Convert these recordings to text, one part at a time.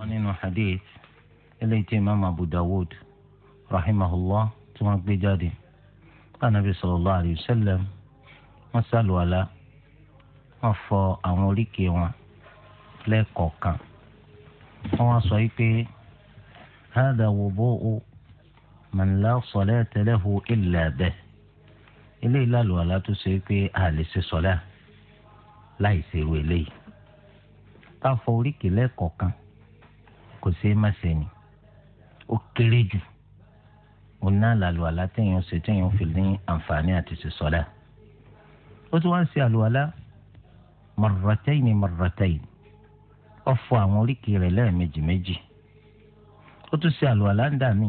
wọn nínú hadith eléyìí tí imaamu abu dawud rahimahullah tí wọn gbé jáde anabi sallallahu alayhi wa sallam wọn sàlùwàlà wọn fọ àwọn oríkèé wọn lẹ́ẹ̀kọ̀ọ̀kan wọn wá sọ yìí pé hada wudu'u man la salata lahu illa bih eléyìí lálùwàlà tó ṣe pé a lè sọlẹ láì ṣerú eléyìí ká fọ oríkèé lẹ́ẹ̀kọ̀ọ̀kan kò ṣeé má ṣe ni ó kéré jù òun náà làlù àlá téèyàn ṣe téèyàn fi ní àǹfààní àti ṣe sọ́dà ó tún wá ń ṣe àlùwàlá marratayn marratayn ó fọ àwọn oríkèé rẹ̀ lẹ́ẹ̀mejì méjì ó tún ṣe àlùwàlá ń dà mí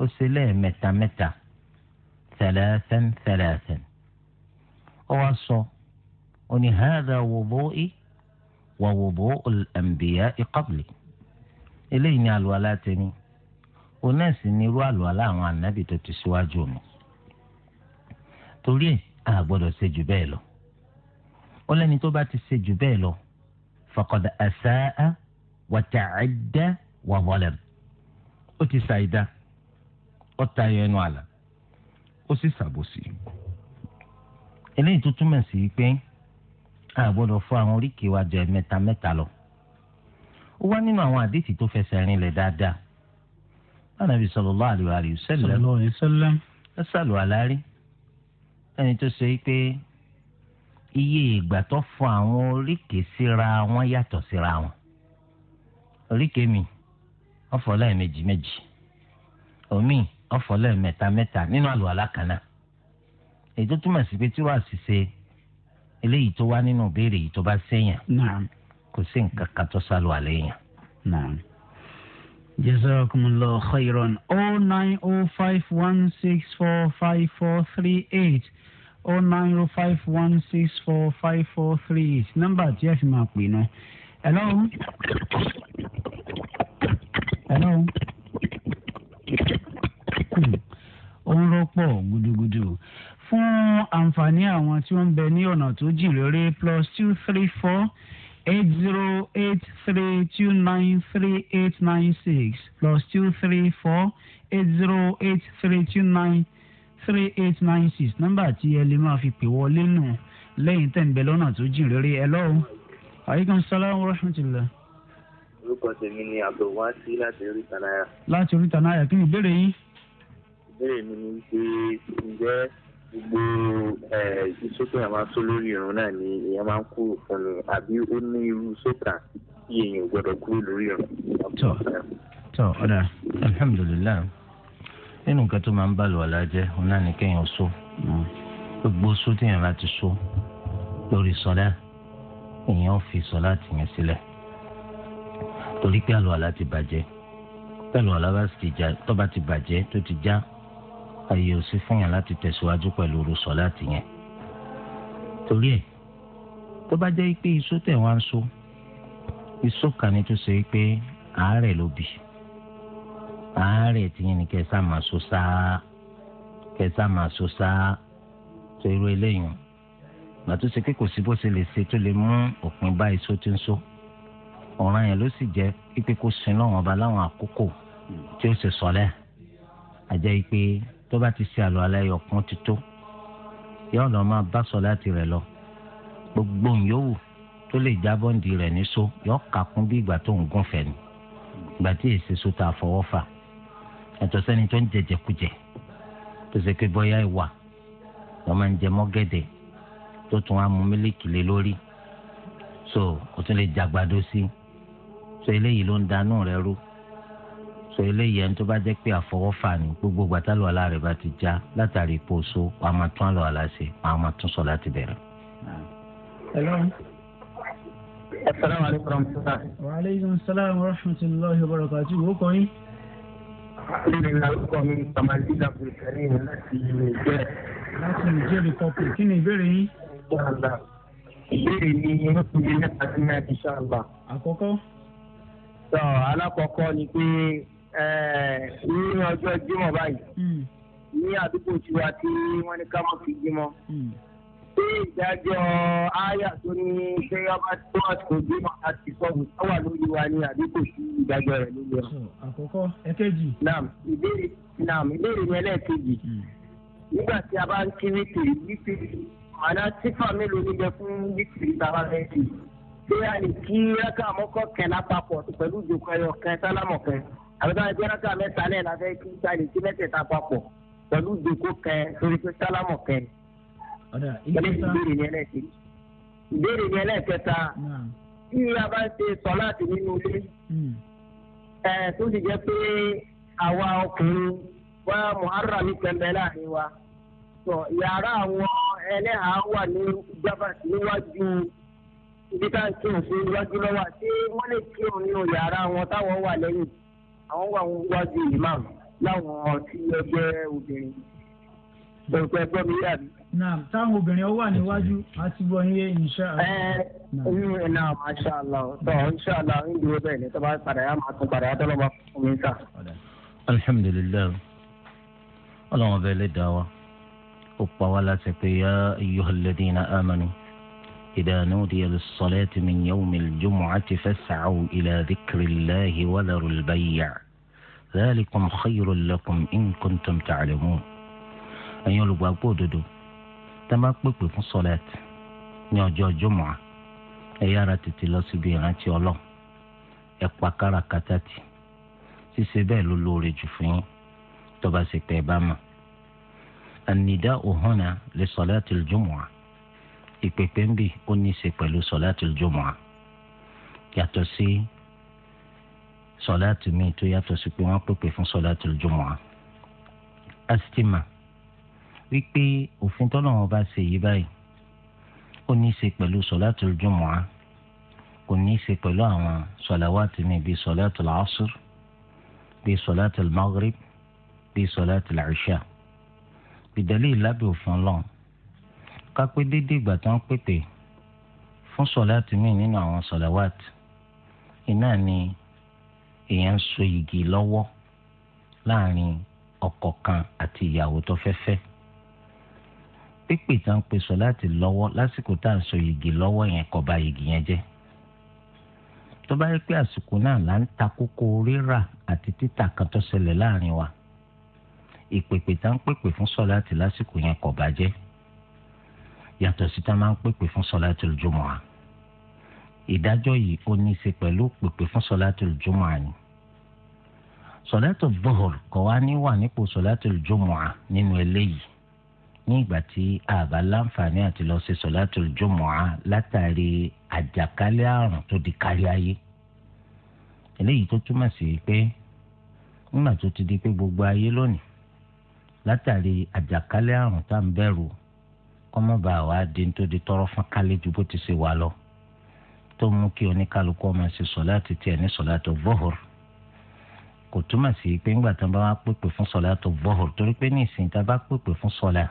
ó ṣe lẹ́ẹ̀mẹ́ta mẹ́ta thalathan thalathan ó wá sọ ó ní hadha wudu'i wa wudu'ul anbiya'i qabli eléyìí ni àlùwàlá tèmi òun náà sì ní irú àlùwàlá àwọn ànábì tó ti síwájú mi torí ẹ̀ a gbọ́dọ̀ ṣe jù bẹ́ẹ̀ lọ ó lẹ́ni tó bá ti ṣe jù bẹ́ẹ̀ lọ faqad asaa wa ta'adda ó ti ṣàìdá ó tayọ ẹnu àlà ó sì ṣàbòsí eléyìí tó túmọ̀ sí pé a gbọ́dọ̀ fọ àwọn oríkèé wa jẹ mẹ́ta mẹ́ta lọ ó wá nínú àwọn àdìsí tó fẹsẹ̀ rin lẹ̀ dáadáa Ànábì sallallahu alaihi wasallam ẹ sàlù àlárí ẹni tó ṣe pé iye ìgbà tó fọ àwọn oríkèé síra wọn yàtọ̀ síra wọn oríkèé mi ó fọ̀ lẹ́ẹ̀mejì méjì omi ó fọ̀ lẹ́ẹ̀mẹ́ta mẹ́ta nínú àlùwàlá kan náà èyí tó túmọ̀ sí pé tí wàá sì ṣe eléyìí tó wá nínú ìbéèrè yìí tó bá ṣèyàn kò sí nǹkan kan tó sálọ àlẹ́ yẹn. jazakumullahu khairan oh 09051645438 oh five one six four five four three eight oh nine oh five one six four five four three eight nọ́mbà tí ẹ fi máa pè náà. hello. hello. ó ń rọ́pọ̀ gudugudu fún àǹfààní àwọn tí wọ́n ń bẹ ní ọ̀nà tó jìn réré plus two three four eight zero eight three two nine three eight nine six plus two three four eight zero eight three two nine three eight nine six nọ́mbà tí ẹ lè máa fi pè wọlé nù lẹ́yìn tẹ̀m̀bẹ̀ lọ́nà tó jìn rere ẹ lọ́wọ́ aleykum salaam wa rahmatulah. orúkọ tèmi ni abdulwasi láti oríta náírà. láti oríta náírà kí ni ìbéèrè yín. ìbéèrè mi ni wípé ǹjẹ́ gbogbo sókè eh, yẹn máa tó lórí irun náà ni èèyàn máa ń kúrò fún ni àbí ó ní irú sókè tí èèyàn gbọdọ̀ kúrò lórí irun. tọ tọ ọ̀dà alhamdulilayi nínú nǹkan tó máa ń bá lọ́la jẹ́ òun náà ni kéèyàn so hmm. gbogbo so téèyàn bá ti so lórí sọlá èèyàn fi sọlá tìyẹn sílẹ̀ torí pé àlọ́ àlá ti bàjẹ́ pẹ̀lú àlá bá ti bàjẹ́ tó ti já àyè òsì fún yàn láti tẹ̀síwájú pẹ̀lú irú sọ̀láàtì yẹn. torí ẹ̀ tó bá jẹ́ pé iṣó tẹ̀ wá ń so iṣó kan ni tó ṣe pé àárẹ̀ ló bì àárẹ̀ tìyẹn ni kẹsà máa so sáá kẹsà máa so sáá tó irú eléyìí màtó ṣe pé kò sí bó ṣe lè ṣe tó lè mú òpin bá iṣó tí ń so ọ̀ràn yẹn ló sì jẹ́ pípé kó sin lọ́wọ́n ọba láwọn àkókò tí ó ṣe sọ̀lẹ́ àjẹ́ pé tó bá ti ṣe àlọ́ alẹ́ ọ̀kan ti tó yóò lọ máa bá sọ láti rẹ̀ lọ gbogbo yòówù tó lè jábọ́ ǹdí rẹ̀ ní so yóò kà kún bí ìgbà tó ń gún fẹ̀ ni ìgbà tí èsì so ta fọwọ́ fà ẹ̀tọ́ sẹ́ni tó ń jẹjẹkújẹ tó ṣe pé bọ́yá ìwà wọ́n máa ń jẹ mọ́gẹ́dẹ̀ tó tún á mú mílíkì lé lórí so o tún lè jàgbádó sí so eléyìí ló ń danú rẹ̀ rú sọ eléyìí ẹni tó bá jẹ́ pé àfọwọ́fà ni gbogbo gbàtà lọ àlá rẹ̀ bá ti já látàrí ipò so wà á máa tún àlọ́ àlá ṣe wà á máa tún sọ láti bẹ̀rẹ̀. Assalamu alaikum. Wa alaikum wa rahmatullahi Wo kọ́ yín? Àlejò ìlànà orúkọ mi ni Samadi Dàbí Karim láti Láti Nìjẹ́ lè Kí ni ìbéèrè yín? Ìbéèrè ni ó ti lé nípa Àkọ́kọ́. Sọ alákọ̀ọ́kọ́ ni pé ní ọjọ́ jímọ̀ báyìí hmm. ní àdúgbò tiwa tí wọ́n ní ká mọ̀ fi jímọ̀ pé hmm. ìdájọ́ àyà tó ní pé ọba tó àsìkò jímọ̀ àti sọ́ọ̀bù tó wà lórí wa ní àdúgbò sí ìdájọ́ rẹ̀ lórí wa. àkọ́kọ́ ẹ̀kejì. naam ìbéèrè naam ìbéèrè mi ẹlẹ́ẹ̀kejì hmm. nígbà tí a bá ń kí wítìrì wítìrì àná tífà mélòó níbẹ̀ fún wítìrì tá a bá fẹ́ kí ṣé a lè kí rákà mọ́kọ́ kẹ́ lápapọ̀ pẹ̀lú ìjòkó ẹyọ kẹ́ sálámọ̀ kẹ́ àbẹ̀tà ẹgbẹ́ rákà mẹ́ta lẹ́yìn la fẹ́ kí sáyẹn kí mẹ́tẹ̀ẹ̀ta papọ̀ pẹ̀lú ìdèkó kẹ torí pé sálámù kẹ. ìbéèrè ni ẹlẹ́ẹ̀kejì ìbéèrè ni ẹlẹ́ẹ̀kẹta tí a bá ń ṣe sọ́láàtì nínú ilé hmm. ẹ̀ tó ti jẹ́ pé àwa ọkùnrin wá muhara mi pẹ̀lẹ́ láàrin wa sọ yàrá àwọn ẹlẹ́hàá wà ní jabas níwájú ibi tá à ń kírun sí iwájú lọ́wọ́ àti wọ́n lè kírun nínú yàrá wọn táwọn wà lẹ́yìn. àwọn wà wọn wájú imam láwọn tí ó jẹ́ obìnrin gbẹ̀gbẹ́ ẹgbẹ́ mi yà mí. naam táwọn obìnrin ọwọ́ àníwájú a ti bọ yín insha Allah. ẹ inú ẹ náà masha allah tó insha allah ń dúró bẹ́ẹ̀ ni tó padà yá máa tún padà yá tọ́lọ́ bá fún mi sà. alhamdulilayi ọlọ́run lè dá wa ó pa wá láti pé ya ayyuhal ladina amanu. إذا نودي للصلاة من يوم الجمعة فاسعوا إلى ذكر الله وذروا البيع dhalikum khayrun lakum in kuntum ta'lamun ẹ̀yin olùgbàgbọ́ òdodo tá a bá pèpè fún sọ́lẹ̀t ní ọjọ́ jùmọ̀á ẹ yára tètè lọ síbi ìrántí ọlọ́ ẹ pa káràkátà tì ṣíṣe bẹ́ẹ̀ ló lóore jù fún yín tó bá ṣe pé ẹ bá mọ̀. an-nida'u huna li salatil jùmọ̀á ìpèpè ń bì ó ní í ṣe pẹ̀lú salatil jùmọ̀á yàtọ̀ sí. Si, sọláàtì míì tó yàtọ̀ sí pé wọ́n pèpè fún sọláàtì jùmọ̀á. a sì ti mà wípé òfin tọ́lọ̀ wọn bá ṣe yí báyìí ó ní í ṣe pẹ̀lú sọláàtì jùmọ̀á kò ní í ṣe pẹ̀lú àwọn sọláwàtì míì bíi sọláàtì làásùr bíi sọláàtì magrib bíi sọláàtì làṣà. ìdálé ìlábẹ̀ òfin lọ́n kápẹ́ déédéé ìgbà tó ń pèpè fún sọláàtì míì nínú àwọn sọláwàtì iná ni èèyàn ń so igi lọ́wọ́ láàrin ọkọ kan àti ìyàwó tó fẹ́ fẹ́ pípè tá à ń pè sọ láti lọ́wọ́ lásìkò tá à ń so igi lọ́wọ́ yẹn kò bà igi yẹn jẹ́ tó bá yẹ pé àsìkò náà là ń ta kókó rírà àti títà kan tó ṣẹlẹ̀ láàrin wa ìpèpè tá à pèpè fún sọ láti lásìkò yẹn kò bàjẹ́ yàtọ̀ sí tá a máa ń pèpè fún sọ láti lójúmọ́ wa ìdájọ́ yìí ó ní í ṣe pẹ̀lú pèpè fún sọ̀látù jùmọ̀ àní. sọ̀látù bọ́ọ̀rù kọ̀ wá ní wà nípò sọ̀látù jùmọ̀ à nínú eléyìí ní ìgbà tí àbá láǹfààní àti lọ sí sọ̀látù jùmọ̀ à látàrí àjàkálẹ̀ àrùn tó di kárí ayé. eléyìí tó túmọ̀ sí pé nígbà tó ti di pé gbogbo ayé lónìí látàrí àjàkálẹ̀ àrùn tá à ń bẹ̀rù kọ́mọ́bà wa di tó di tọrọ fún kálẹ̀ ju bó ti ṣe wà lọ tó mú kí oníkálukú ọmọ ṣe sọláàtì tiẹ̀ ní sọláàtì vọ́hùr kò túmọ̀ sí pé ńgbà tán bá wá pèpè fún sọláàtì vọ́hùr torí pé ní ìsìn tá a bá pèpè fún sọlá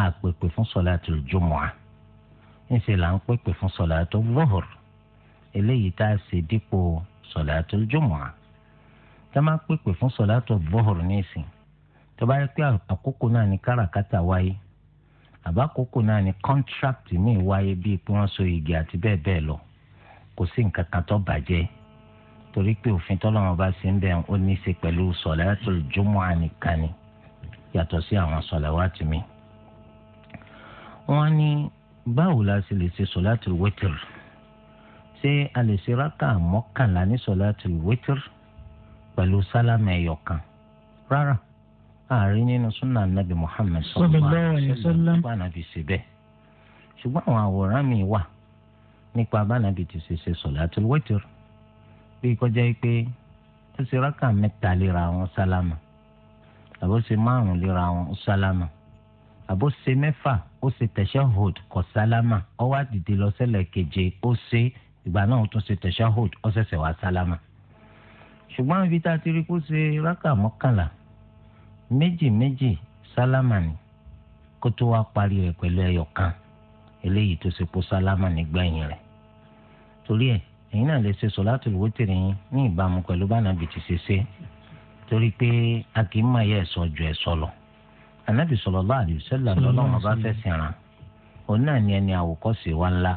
a pèpè fún sọláàtì jùmọ̀à ńṣe là ń pèpè fún sọláàtì vọ́hùr eléyìí tá a ṣe dípò sọláàtì jùmọ̀à tá a máa pèpè fún sọláàtì vọ́hùr ní ìsìn tó bá yẹ pé àkókò náà ní káràkátà wáyé àbákòókò náà ni contract mi wáyé bíi pé wọ́n so igi àti bẹ́ẹ̀ bẹ́ẹ̀ lọ kò sí nǹkan kan tó bàjẹ́ torí pé òfin tọ́lọ́mọ bá ṣe ń bẹ̀ ó ní í ṣe pẹ̀lú sọ̀láàtù jùmọ̀ ànìkan ni yàtọ̀ sí àwọn sọ̀láwàtì mi. wọ́n ní báwo la ṣe lè ṣe sọ̀láàtù wẹ́tìr ṣé a lè ṣe rákà mọ́kànlá ní sọ̀láàtù wẹ́tìr pẹ̀lú sálámà ẹ̀yọ̀kan rárá àárín nínú súnà nàbì muhammed sallallahu alaihi wasallam nípa nàbì ṣe bẹ́ẹ̀ ṣùgbọ́n àwọn àwòrán mi wà nípa bánàbì ti ṣe ṣe sọ̀látul wítìrì bí kọjá yìí pé ó ṣe rákà mẹ́ta léra wọn sálámà àbó ṣe márùn léra wọn sálámà àbó ṣe mẹ́fà ó ṣe tashahhud kọ sálámà ó wá dìde lọ sẹ́lẹ̀ keje ó ṣe ìgbà náà ó tún ṣe tashahhud ó ṣẹ̀ṣẹ̀ wá sálámà ṣùgbọ́n ibi tá a ti rí kó ṣe rákà mọ́kànlá méjì méjì sálámà ni kó tó wá parí rẹ̀ pẹ̀lú ẹyọ kan eléyìí tó ṣe pọ̀ sálámà ní gbẹ̀yìn rẹ̀ torí ẹ̀ ẹ̀yin náà lè ṣe sọ̀látùl wítìrì yín ní ìbámu pẹ̀lú bánàbì ti ṣe ṣe torí pé a kì í máa yẹ ẹ̀sọ́ ju ẹ̀sọ́ lọ ànábì sallallahu alaihi wasallam lọ́lọ́run bá fẹ́ sìn rán òun náà ni ẹni àwòkọ́ṣe wa ńlá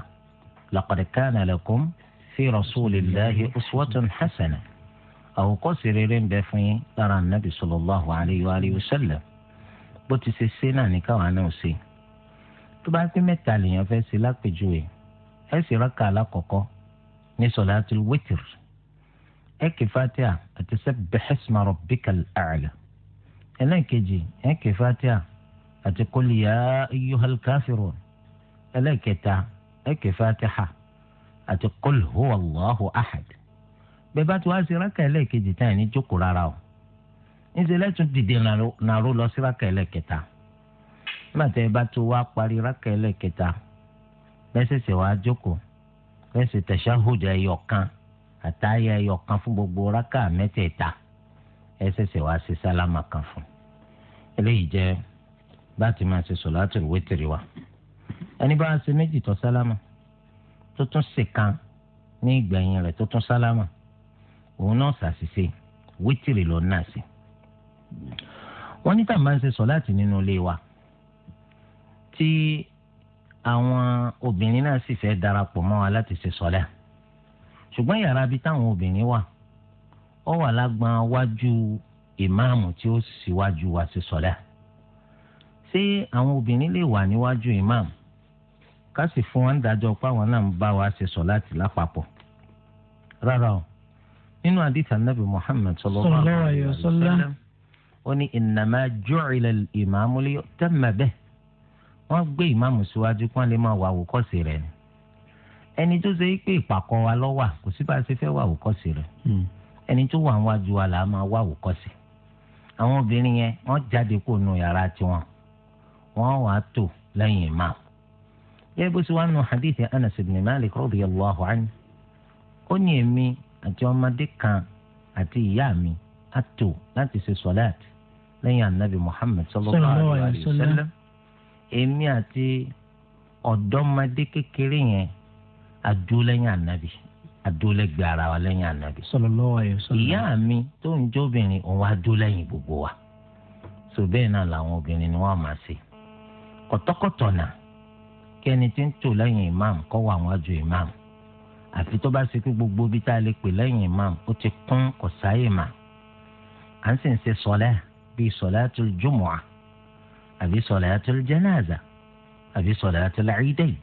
laqad kana lakum fi rasulillahi uswatun hasanah àwòkọ́ṣe rere ń bẹ fún yín lára nàbì sallallahu alayhi wa alihi wa sallam bó ti ṣe ṣe náà ní káwọn náà ṣe tó bá pé mẹ́ta lèèyàn fẹ́ ṣe lápèjúwe ẹ sì rákà alákọ̀ọ́kọ́ ní sọ̀láàtì wítìr ẹ kì fatiha àti sabbih isma rabbikal a'la ẹlẹ́ẹ̀kejì ẹ kì fatiha àti qul ya ayyuhal ẹlẹ́ẹ̀kẹta ẹ kì fatiha àti qul huwa allahu bẹ́ẹ̀ bá ti wá sí rákà ẹlẹ́ẹ̀kejì tán rárá o níṣẹ́ dìde nàró lọ sí rákà ẹlẹ́ẹ̀kẹta nígbà tẹ́ ẹ bá tó wá parí rákà ẹlẹ́ẹ̀kẹta lẹ́sẹ̀sẹ̀ wá jókòó lẹ́sẹ̀ tẹ̀síáhùdù ẹyọ kan àtàyà ẹyọ kan fún gbogbo rákà mẹ́tẹ̀ẹ̀ta ẹsẹ̀sẹ̀ wá sí sálámà kan fún eléyìí jẹ́ bá ti máa ṣe wa ẹni bá ṣe méjì tó sálámà tó tún ní ìgbẹ̀yìn rẹ̀ òun náà ṣàṣìṣe wítìrì ló náà sí. wọ́n ní tàbí máa ń ṣe sọ́láàtì nínú ilé wa tí àwọn obìnrin náà sì fẹ́ darapọ̀ mọ́ wa láti ṣe sọ́lá ṣùgbọ́n yàrá ibi táwọn obìnrin wà ó wà lágbọ́n wájú ìmáàmù tí ó síwájú wa ṣe sọ́lá ṣé àwọn obìnrin lè wà níwájú ìmáàmù ká sì fún wọn dájọ́ pé àwọn náà ń bá wa ṣe sọ́láàtì lápapọ̀ rárá o nínú àdìtà nàbì muhammed sallallahu alayhi wa sallam ó ní innama ju'ila al-imamu liyu'tamma bihi wọ́n gbé ìmáàmù síwájú kí wọ́n lè máa wà àwòkọ́sí rẹ̀ ni ẹni tó ṣe pé ìpàkọ́ wa ló wà kò sí bá a ṣe fẹ́ wà àwòkọ́sí rẹ̀ hmm. ẹni tó wà wájú wa là á máa wà àwòkọ́sí àwọn obìnrin yẹn wọ́n jáde kó nu yàrá tiwọn wọ́n wàá tò lẹ́yìn ìmáàmù yẹ bó ṣe wá nu hadithi anas àti ọmọdé kan àti ìyá mi á tò láti ṣe sọlát lẹ́yìn anabi muhammed sallallahu alayhi wa sallam èmi àti ọ̀dọ́mọdé kékeré yẹn àdó lẹ́yìn anabi àdó lẹ́gbẹ̀ẹ́ ara wa lẹ́yìn anabi sallallahu alayhi wa sallam ìyá mi tó ń jóbìnrin òun àdó lẹ́yìn gbogbo wa so bẹ́ẹ̀ náà làwọn obìnrin ni wọ́n máa ṣe kọ̀tọ́kọ̀tọ̀ náà kí ẹni tí ń tò lẹ́yìn imam kọ́ wà wájú imam àfi tó bá ṣe pé gbogbo bí tá a lè pè lẹ́yìn imam ó ti kún kò sáyè mà à ń sì ń ṣe sọlẹ bíi sọlẹtul jumu'a àbí sọlẹtul janaza àbí sọlẹtul idain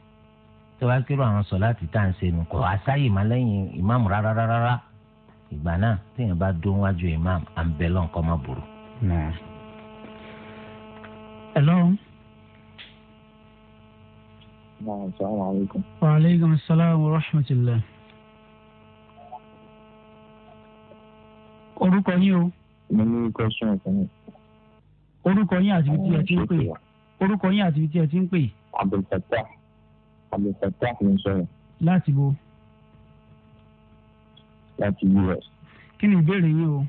tó bá kírò àwọn sọláàtì tá à ń ṣe nù kò wá sáyè má lẹ́yìn imam rárá rárá ìgbà náà téèyàn bá dún wájú imam à ń bẹ lọ́nkọ́ má burú. ẹ lọ́rùn. Naam, assalamu alaikum. Wa alaikum assalam wa rahmatullah. Orúkọ yín o. Mo ní question fún mi. Orúkọ yín àti ibi tí ẹ ti ń pè. Orúkọ yín àti ibi tí ẹ ti ń pè. Abdulfatah. Abdulfatah ló ń sọ̀rọ̀. Láti bo. Láti US. Kí ni ìbéèrè yín o?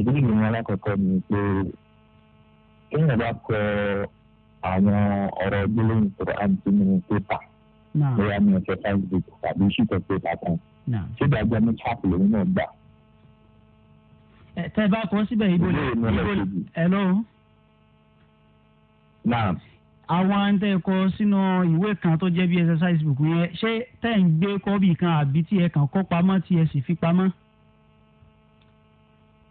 Ìbéèrè mi alákọ̀ọ́kọ́ ni pé kéèyàn bá kọ àwọn ọ̀rọ̀ gbólóhùn Quran tí mo ń pépà bóyá mi ò fẹ́ five book tàbí ṣùkọ́ pépà kan ṣé ìdájọ́ mi chap lòun náà gbà. tẹ bá kọ síbẹ̀ ibo lè ibo lè hello. náà. àwọn àǹtẹ̀ kọ sínú ìwé kan tó jẹ́ bí exercise book yẹn ṣé tẹ̀ ń gbé kọ́bì kan àbí tí ẹ kàn kọ́ pamọ́ tí ẹ sì fi pamọ́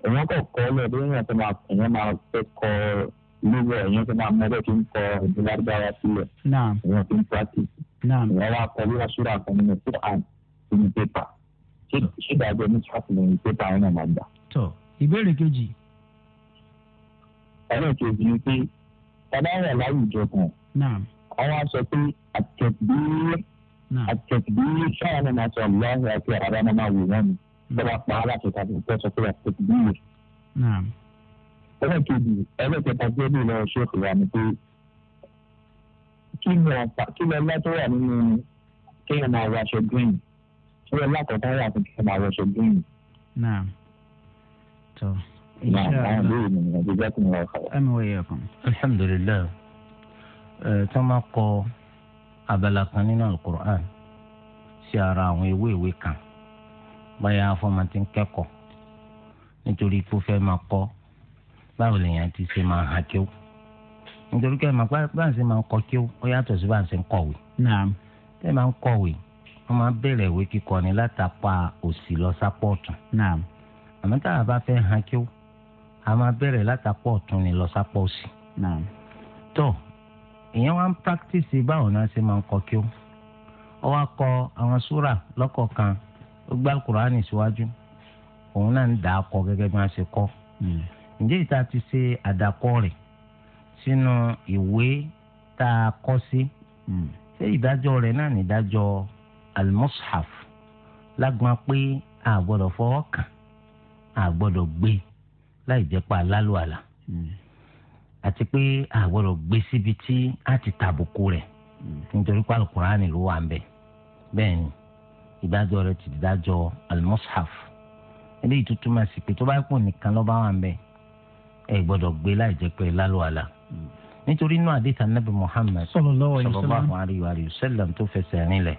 èèyàn kò kọ́ lọ bí tó máa fẹ́ kọ́ gbogbo ẹ̀yìn tó máa mọ́tò tó ń kọ èdè lárúbáwá sílẹ̀ ìwọ̀n tó ń practice ìwọ̀n wa kọ bí wọ́n ṣúra kan nínú quran nínú pépà ṣídàájọ́ ní traffic nínú pépà ọ̀nà máa gbà. tọ ìbéèrè kejì. ọ̀rẹ́ kejì ni pé bàbá wà láwùjọ kan àwọn sọ pé àtẹ̀gbé àtẹ̀gbé sáwọn ọmọ àti ọ̀lọ́run àti àbámọ́ máa wò wọ́n ni bọ́lá pa á láti ẹlẹ́kejì ẹlẹ́kẹta tí ó bí lọ ṣe kò wá ni pé kí ni ọ̀pá kí ni ọlá tó wà nínú kéèyàn máa wọ aṣọ green kí ni ọlá kọ̀ọ̀kan wà fún kéèyàn máa wọ aṣọ green. náà tó alhamdulilayi tí wọ́n bá kọ abala kan nínú alukur'an sí ara àwọn ewé ìwé kan báyà afọmọ ti ń kẹ́kọ̀ọ́ nítorí pé ó fẹ́ máa kọ́ báwo lèèyàn ti ṣe máa hàn kí o nítorí kẹ́ ẹ̀ máa bá ń ṣe máa kọ kí ó ó yàtọ̀ sí bá ń ṣe ń kọ̀wé. tẹ́ ẹ máa ń kọ̀wé wọ́n máa bẹ̀rẹ̀ ìwé kíkọ ni látàpá òsì lọ sápọ̀ ọ̀tún. àmọ́ tá a bá fẹ́ hàn kí a máa bẹ̀rẹ̀ látàpá ọ̀tún ni lọ sápọ̀ òsì. tó ìyẹn wá ń báwo náà kọ kí ó wá kọ àwọn súrà lọ́kọ̀ọ̀kan ó gbá kùránì síwájú òun kọ ǹjẹ́ ìta ti ṣe àdàkọ rẹ̀ sínú ìwé tá a kọ́ sí hmm. ṣé ìdájọ́ rẹ̀ náà ní ìdájọ́ almushaf lágbọn pé a gbọ́dọ̀ fọwọ́ kàn a gbọ́dọ̀ gbé láì jẹ́ pa lálùwàlà hmm. àti pé a gbọ́dọ̀ gbé síbi tí a ti tàbùkù rẹ̀ hmm. nítorí pé alukurani ló wà ń bẹ̀ bẹ́ẹ̀ ni ìdájọ́ rẹ̀ ti dájọ́ almushaf eléyìí tuntun máa sì pé tó bá pọ̀ nìkan ló bá ń bẹ̀ ẹ gbọ́dọ̀ gbé láì jẹ́ pé lálùwàlà nítorí inú àdìsá nàbì Muhammad sallallahu alayhi wa sallam tó fẹsẹ̀ rinlẹ̀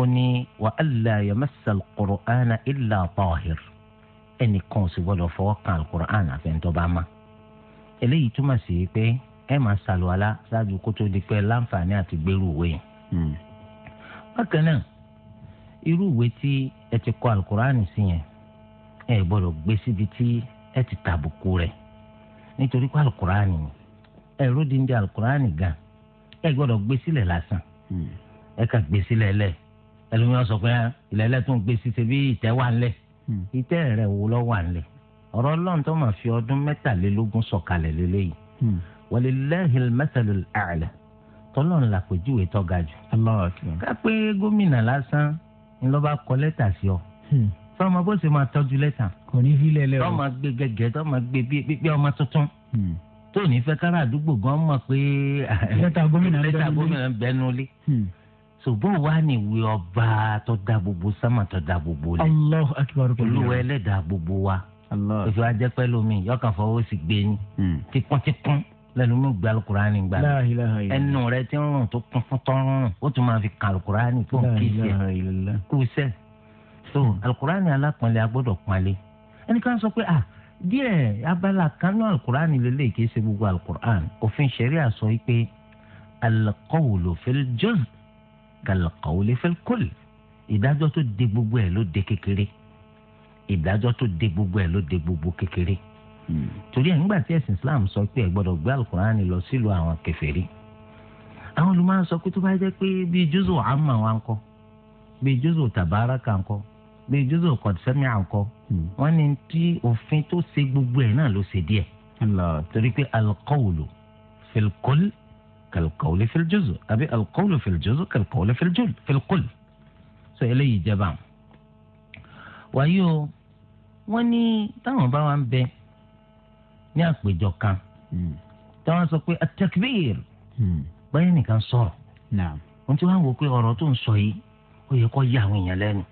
ó ní wa alla yamassa al-Qur'ana illa tahir ẹnìkan ò sì gbọ́dọ̀ fọwọ́ kan al-Qur'an àfẹnudọ́ba má eléyìí túmọ̀ sí pé ẹ máa ṣàlùwàlá ṣáájú kó tó di pé láǹfààní àti gbèrú ìwé yìí hmm. bákan náà irú ìwé tí ẹ ti kọ al-Qur'an sí yẹn ẹ gbọ́dọ̀ gbé síbi tí ẹ ti tàbùkù rẹ̀ nítorí pé alukurani ni ẹ̀rú di ń di alukurani gan ẹ gbọ́dọ̀ gbé sílẹ̀ lásán hmm. ẹ kà gbé sílẹ̀ lẹ̀ ẹlòmíràn sọ pé ilẹ̀ ẹlẹ́ tó ń gbé síse bí ìtẹ́ wà ń lẹ̀ hmm. ìtẹ́ rẹ̀ wò lọ́ wà ń lẹ̀ ọ̀rọ̀ ọlọ́run tó máa fi ọdún mẹ́tàlélógún sọ̀kalẹ̀ lélẹ́yìí hmm. walillahil masalul a'la tọ́lọ́run làpèjúwe tó ga jù. ká pé gómìnà lásán ńlọ́ba kọ lẹ́tà sí ọ tọ́mọ bó ṣe máa tọ́jú lẹ́tà kò ní fi lẹ́lẹ́ o tọ́mọ gbé gẹ́gẹ́ tọ́mọ gbé bí ọmọ tuntun hmm. tó ní fẹ́ kára àdúgbò gan mọ̀ pé lẹ́tà gómìnà lẹ́tà gómìnà bẹnu lé hmm. ṣùgbọ́n wà ní ìwé ọba tó da gbogbo sámà tó da gbogbo lẹ̀ Allahu akbar olúwa ẹlẹ́dàá gbogbo wa òṣù ajẹ́pẹ́ lómi yọkàn fọwọ́ sí gbé yín hmm. tikúntikún lẹ́nu mi gba alukurani gba ẹnu rẹ ti ń rùn tó kún fún tọ́rùn ó tún máa fi kàlùkùrani fún kí sẹ́ kú sẹ́ so alukurani alápọ̀nlé agbọ́dọ̀ pọ́nlé ẹnìkan sọ pé ah díẹ̀ abala kanú alukurani lélẹ̀ kìí ṣe gbogbo alukurani òfin ṣẹ̀ríà sọ pé alqawlu fil juz kalqawli fil kull ìdájọ́ tó de gbogbo ẹ̀ ló de kékeré ìdájọ́ tó de gbogbo ẹ̀ ló de gbogbo kékeré hmm. torí ẹ̀ nígbà tí ẹ̀sìn Islam sọ pé ẹ̀ gbọ́dọ̀ gbé alukurani lọ sílùú àwọn kèfèrí àwọn olùmọ̀ sọ pé tó bá jẹ́ pé bíi juz'u amma wa ń kọ́ bíi juz'u tabaraka ń kọ́ bí jésù kọ̀tùsẹ́mi àkọ́ hmm. wọ́n ní tí òfin tó ṣe gbogbo ẹ̀ náà ló ṣe díẹ̀ torí pé alqawlu fil kull kalqawli fil juz'u àbí alqawlu fil juz'u kalqawli fil kull sọ eléyìí jẹba wàyí o wọ́n ní táwọn bá wa ń bẹ ní àpèjọ kan hmm. táwọn sọ pé atakbir hmm. báyìí nìkan sọ̀rọ̀ wọ́n ti wá wò pé ọ̀rọ̀ tó ń sọ yìí ó yẹ kó yà àwọn èèyàn lẹ́nu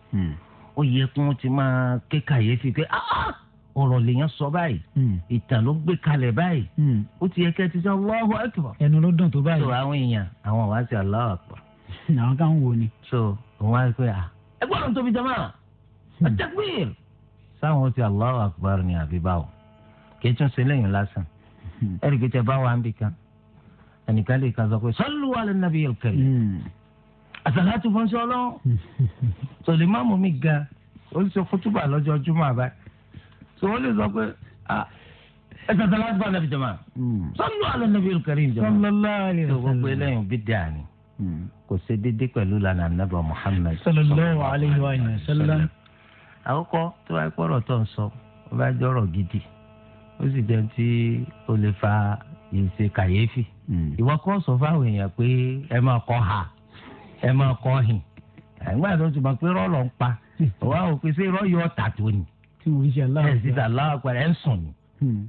ó yẹ kí wọ́n ti máa ké kàyéfì pé ah, ah, ọ̀rọ̀ lèèyàn sọ báyìí hmm. ìtàn ló gbé kalẹ̀ báyìí hmm. ó ti yẹ kí ẹ ti sọ Allahu Akbar. ẹnu ló dùn tó báyìí. sọ àwọn èèyàn àwọn wàá sí Allahu Akbar. àwọn kan ń wo ni. so òun á pé à ah, ẹ gbọ́dọ̀ tóbi jama àtẹ́gbìn. Hmm. sáwọn ti Allahu Akbar ni àbí báwo kì í tún ṣe lẹ́yìn lásán ẹ̀rì kìí tẹ báwa ń kan ẹnìkan lè kan sọ pé sallu ala nabiyil àsàlátù fúnṣẹ́ ọlọ́run tòlè máàmù mi ga ó ń ṣe kútùbà lọ́jọ́ júmọ̀ àbá tó wọ́n lè sọ pé ẹ tẹ̀sán láti bá nàbì jama sọ́nù alẹ́ nàbì olùkàrí ìjọba sallallahu alaihi wasallam tó gbogbo eléyìí bí dáa ni hmm. kò ṣe déédéé pẹ̀lú lànà nàbà Muhammad sallallahu alaihi wasallam. àkókò tó wáyé pọ̀rọ̀ tó ń sọ ó bá jẹ́ ọ̀rọ̀ gidi ó sì jẹ́ tí ó lè fa ìṣe kàyéfì hmm. ìwọ kọ́ sọ fáwọn èèyàn pé ẹ máa kọ́ ha ẹ máa kọ́ hìn àgbà tó ti mọ̀ pé rọ́ọ̀lọ́ ń pa wà ó pé ṣé rọ́ọ̀yì ọ̀tà tó ni ẹ̀ sì dà láwọ̀ pẹ̀lú ẹ̀ ń sùn ni hmm.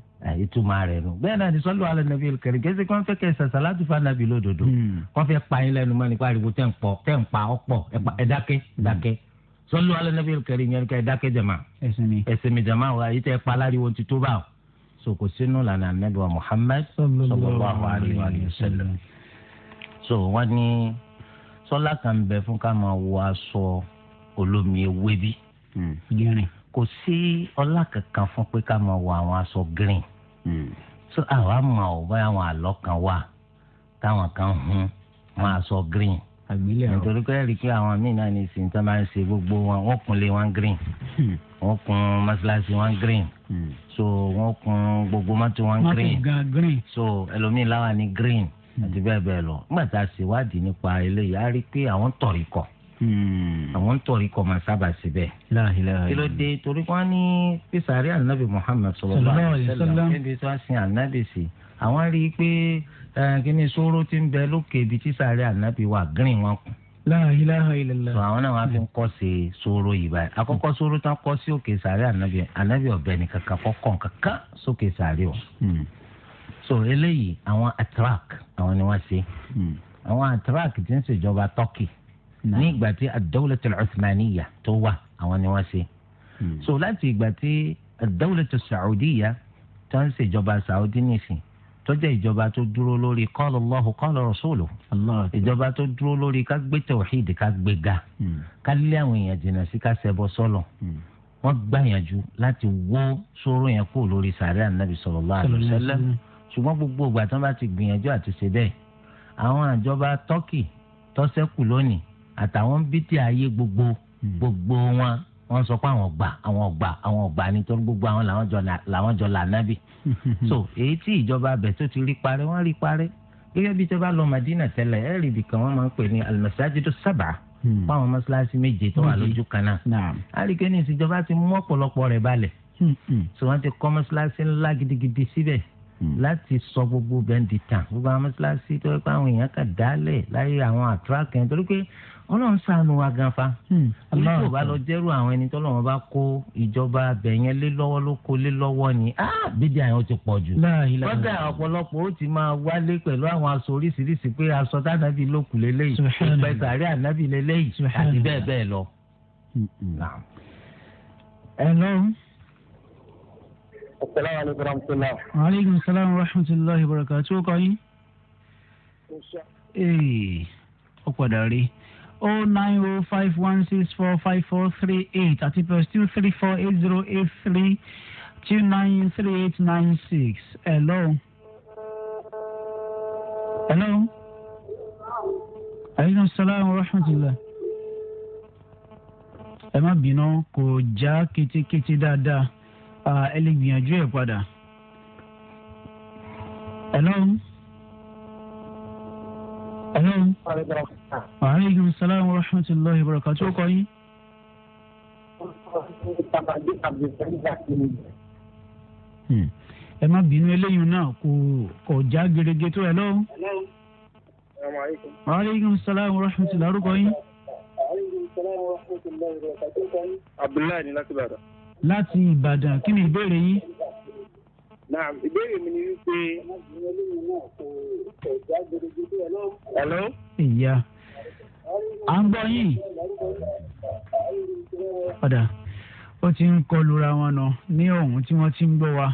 ìtumọ̀ rẹ̀ nù bẹ́ẹ̀ náà ni sọ́lọ́ alẹ́ nàbí kẹrin kẹsì kan fẹ́ kẹsà sàlátù fún anabi lódodo hmm. kan fẹ́ pa yín lẹ́nu mọ́ nípa àríwó tẹ̀ ń pọ̀ tẹ̀ ń pa ọ̀pọ̀ ẹ̀ dákẹ́ hmm. dákẹ́ sọ́lọ́ alẹ́ nàbí kẹrin yẹn ká ẹ̀ dákẹ́ jẹ̀má ẹ̀sìn mi jẹ̀má wa yìí tẹ́ ẹ pa láriwo ti tó báwò so kò sínú lànà anabi wa Muhammad sallallahu alaihi wa sallam so wọ́n ní sọ́lá kan bẹ fún ká máa wọ aṣọ olómi ewé bí. Hmm. kò sí ọlá kankan fún pé ká máa wọ àwọn aṣọ green. Hmm. so àwa mọ̀ ọ́ báyà àwọn àlọ́ kan wà táwọn kan hun wọn aṣọ green. nítorí pé rí i pé àwọn míì náà ní ìsìn tó máa ń ṣe gbogbo wọn wọ́n kunlé wọn green hmm. wọ́n kun mọ́ṣáláṣí wọn green so wọ́n kun gbogbo mọ́tò wọn green so ẹlòmíì láwa ní green àti bẹ́ẹ̀ bẹ́ẹ̀ lọ nígbà tá a ṣèwádìí nípa eléyìí a rí i pé àwọn tọ̀rí kọ̀ hmm. àwọn tọ̀rí kọ̀ máa sábà ṣe bẹ́ẹ̀. kí ló dé torí wọn ní pisari anabi Muhammad sallallahu alaihi wasallam níbi tí wọn sin anabi sí àwọn rí i pé kíni sóró ti ń bẹ lókè ibi tí sàárẹ̀ anabi wà green wọn kù. láàhìláhà ilẹ̀lá. sọ àwọn náà wàá fi ń kọ́ sí sóró yìí báyìí àkọ́kọ́ sóró tán kọ́ sí òkè sàárẹ̀ anabi anabi ọ̀bẹ nìkankan kọ́kàn kankan sókè sàárẹ̀ ọ̀ so eléyìí àwọn atrak àwọn ni wọ́n ṣe hmm. àwọn atrak ti ń ṣèjọba turkey ní ìgbà tí ad-dawlatul uthmaniyya tó wà àwọn ni wọ́n ṣe hmm. so láti ìgbà tí ad-dawlatus saudiyya tó ń ṣèjọba saudi nìsín tó jẹ́ ìjọba tó dúró lórí qala Allahu qala rasuluhu ìjọba tó dúró lórí ká gbé tawhid ká gbé ga hmm. ká lé àwọn èèyàn jìnnà sí ká ṣẹbọ sọ́lọ̀ wọ́n gbàyànjú láti wó sóró yẹn kúrò lórí sàárẹ̀ ànábì sallallahu alaihi wasallam ṣùgbọ́n gbogbo ìgbà tí wọ́n bá ti gbìyànjú àti ṣe bẹ́ẹ̀ àwọn àjọba tọ́kì tọ́sẹ́kù lónìí àtàwọn bíi ayé gbogbo hmm. gbogbo wọn wọ́n sọ pé àwọn gbà àwọn gbà àwọn gbà nítorí gbogbo àwọn làwọn jọ lànábì so èyí tí ìjọba abẹ tó ti rí parẹ́ wọ́n rí parẹ́ gẹ́gẹ́ bíi tẹ́ bá lọ Madina tẹ́lẹ̀ ẹ rí ibìkan wọ́n máa ń pè ní almasajidu sábà hmm. fáwọn mọ́ṣáláṣí méje tó wà lójú kan náà àríkẹ́ ní ìsìnjọba ti mú ọ̀pọ̀lọpọ̀ rẹ̀ balẹ̀ hmm, so wọ́n ti kọ́ mọ́ṣáláṣí ńlá gidigidi síbẹ̀ Hmm. láti sọ gbogbo bẹ́ǹdì tàn gbogbo àwọn mọ́ṣáláṣí tó yẹ pé àwọn èèyàn kà dálẹ̀ láyé àwọn àtúrákẹ́ nítorí pé ọlọ́run ṣàánú wa gan fa ilé hmm. tó bá lọ jẹ́rù àwọn ẹni tó lọ́wọ́ bá kó ìjọba bẹ̀yẹn lé lọ́wọ́ ló kó lé lọ́wọ́ ni bíbí àyàn ti pọ̀ jù lọ́dà ọ̀pọ̀lọpọ̀ ó ti máa wálé pẹ̀lú àwọn aṣọ oríṣiríṣi pé aṣọ tánàbí lókù lélẹ́yìí ìpẹ́sàárẹ̀ ànábì lélẹ́yìí àti bẹ́ẹ̀ bẹ́ẹ̀ lọ. ẹ hmm, lọ́run asalaamualeykum rahmatulah. maaleykum salaam wa rahmatulahi baraka tí ó kọ yín. ee ó o nine o oh five one six four five four three eight àti plus two three four eight zero eight three two nine three eight nine six. hello. hello. aleykum salaam wa rahmatulahi ẹ má bínú kò já ketekete dáadáa ẹ lè gbìyànjú ẹ̀ padà. hello. hello. aleykum salaam wa rahmatulahi wa barakatuh kọ́ yín. Hmm. ẹ má bínú eléyìí náà kò kò já gerege tó ẹ lọ́wọ́. wa salaam wa rahmatulahi wa barakatuh. Abdullahi ni láti bàdàn láti ìbàdàn kí ni ìbéèrè yín. náà ìbéèrè mi ni wípé. hello. ìyá à ń gbọ́ yìí. padà ó ti ń kọlura wọn nà ní ọ̀hún tí wọ́n ti ń gbọ́ wa